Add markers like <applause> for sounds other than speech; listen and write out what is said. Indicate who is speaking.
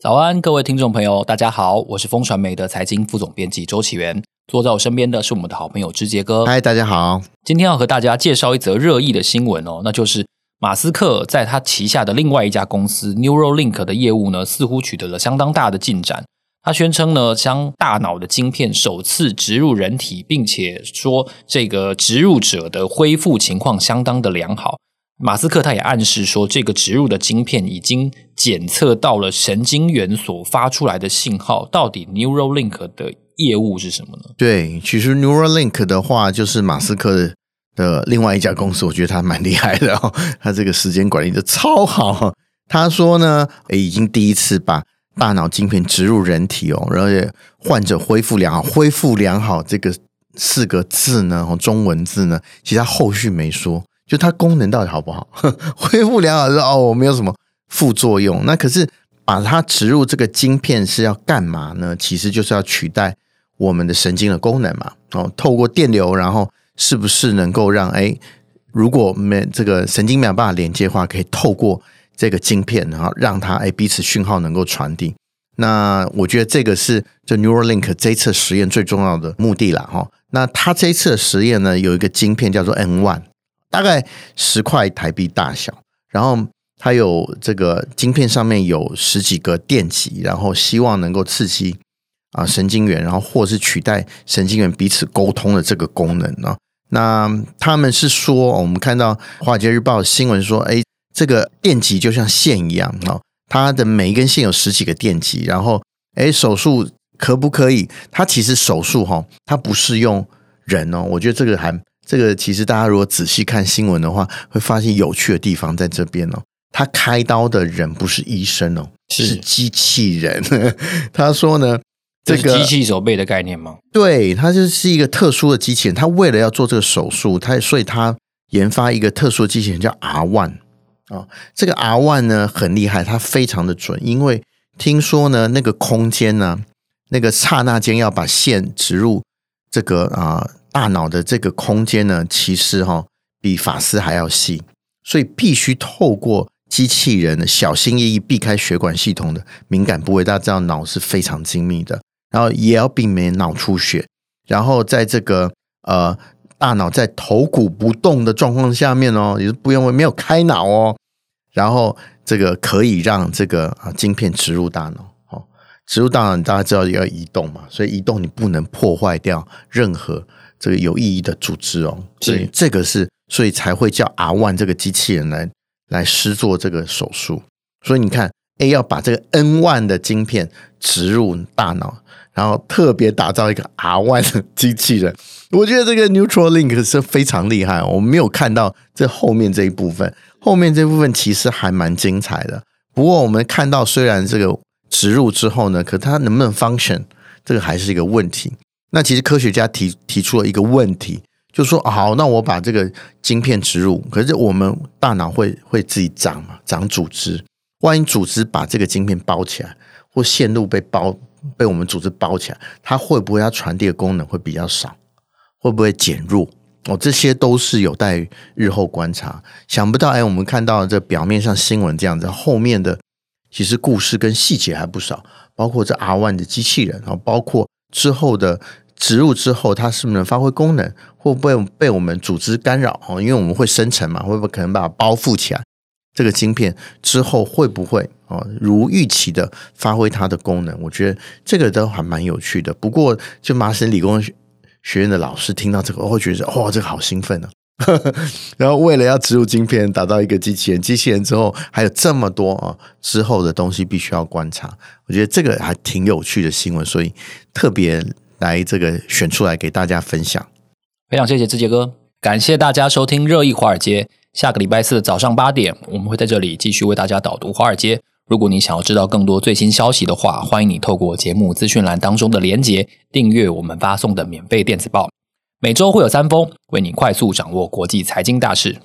Speaker 1: 早安，各位聽眾朋友，大家好，我是風傳媒的財經副總編輯周岐原。坐在我身邊的是我們的好朋友之杰哥。嗨，大家好，今天要和大家介紹一則熱議的新聞哦，那就是馬斯克在他旗下的另外一家公司 Neuralink 的業務呢，似乎取得了相當大的進展。他宣稱呢，將大腦的晶片首次植入人體，並且說這個植入者的恢復情況相當的良好。馬斯克他也暗示說，這個植入的晶片，已經檢測到了神經元所發出來的信號。到底 Neuralink 的業務是什麼呢？
Speaker 2: 對，其實 Neuralink 的話，就是馬斯克的的另外一家公司，我覺得他蠻厲害的哦，他這個時間管理的超好。他說呢，誒，已經第一次把大腦晶片植入人體哦，而且患者恢復良好。恢復良好這個四個字呢，中文字呢，其實他後續沒說。就它功能到底好不好？ <laughs> 恢復良好之後哦，我沒有什麼副作用。那可是把它植入這個晶片是要幹嘛呢？其實就是要取代我們的神經的功能嘛。哦，透過電流，然後是不是能夠讓誒、欸，如果沒這個神經沒有辦法連接的話，可以透過這個晶片，然後讓它誒、欸，彼此訊號能夠傳遞。那我覺得這個是就 Neuralink 這一次實驗最重要的目的啦。哈。那它這一次的實驗呢，有一個晶片叫做 N One。大概十塊台幣大小，然後它有這個晶片上面有十幾個電極，然後希望能夠刺激啊神經元，然後或者是取代神經元彼此溝通的這個功能呢。那他們是說，我們看到華爾街日報新聞說，哎、欸，這個電極就像線一樣哦，它的每一根線有十幾個電極，然後哎、欸、手術可不可以？它其實手術哈，它不是用人哦，我覺得這個還。這個其實大家如果仔細看新聞的話，會發現有趣的地方在這邊哦。他開刀的人不是醫生哦，是,是機器人。他說呢，這個、是機器
Speaker 1: 手背的概念嗎？
Speaker 2: 對，他就是一個特殊的機器人。他為了要做這個手術，他所以他研發一個特殊的機器人叫 R One 啊、哦。這個 R One 呢很厲害，它非常的準，因為聽說呢那個空間呢、啊，那個剎那間要把線植入。這個啊、呃，大腦的這個空間呢，其實哈、哦、比髮絲還要細，所以必須透過機器人小心翼翼避開血管系統的敏感部位。大家知道腦是非常精密的，然後也要避免腦出血。然後在這個呃大腦在頭骨不動的狀況下面哦，也是不用為沒有開腦哦。然後這個可以讓這個啊晶片植入大腦。植入大腦，大家知道要移動嘛，所以移動你不能破壞掉任何這個有意義的組織哦。所以這個是，所以才會叫 R1 這個機器人來來施作這個手術。所以你看，哎，要把這個 N1 的晶片植入大腦，然後特別打造一個 R1 的機器人。我覺得這個 Neuralink 是非常厲害。我們沒有看到這後面這一部分，後面這部分其實還蠻精彩的。不過我們看到，雖然這個。植入之後呢？可它能不能 function？這個還是一個問題。那其實科學家提提出了一個問題，就說，啊，好，那我把這個晶片植入，可是我們大腦會會自己長嘛？長組織，萬一組織把這個晶片包起來，或線路被包被我們組織包起來，它會不會要傳遞的功能會比較少？會不會減弱？哦，這些都是有待日後觀察。想不到，哎，我們看到這表面上新聞這樣子，後面的。其實故事跟細節還不少，包括這 R1 的機器人啊，包括之後的植入之後，它是不是能發揮功能，會不會被我們組織干擾哦，因為我們會生成嘛，會不會可能把它包覆起來？這個晶片之後會不會啊如預期的發揮它的功能？我覺得這個都還蠻有趣的。不過，就麻省理工學院的老師聽到這個，我會覺得哇，這個好興奮啊！呵呵， <laughs> 然後，為了要植入晶片，打造一個機器人，機器人之後還有這麼多啊之後的東西必須要觀察。我覺得這個還挺有趣的新聞，所以特別來這個選出來給大家分享。
Speaker 1: 非常謝謝之杰哥，感謝大家收聽《熱議華爾街》。下個禮拜四早上八點，我們會在這裡繼續為大家導讀《華爾街》。如果你想要知道更多最新消息的話，歡迎你透過節目資訊欄當中的連結訂閱我們發送的免費電子報。每週會有三封，為你快速掌握國際財經大事。